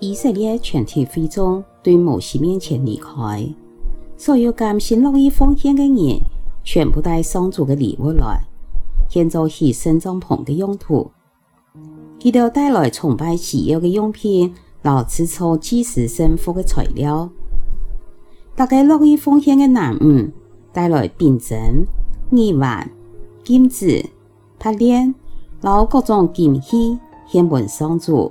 以色列全體會眾對摩西面前離開，所有甘心樂意奉獻的人，全部帶上主的禮物來，建造起聖帳篷的用途。佢哋帶來崇拜需要的用品，攞起初祭司聖服的材料。大家樂意奉獻的男人帶來病症、意外、金子、白煉，然後各種金器獻奉上主。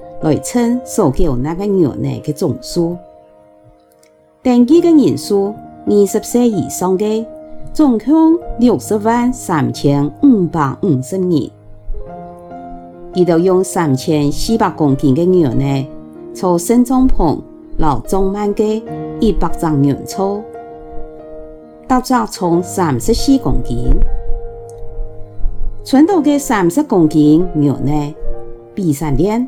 來稱所購那個牛奶的，數數的總數，登記的人數二十歲以上嘅，總共六十萬三千五百五十人。伊就用三千四百公斤的牛奶，從新帳篷老中買嘅一百張牛初，打造重三十四公斤，存到嘅三十公斤牛奶，比三點。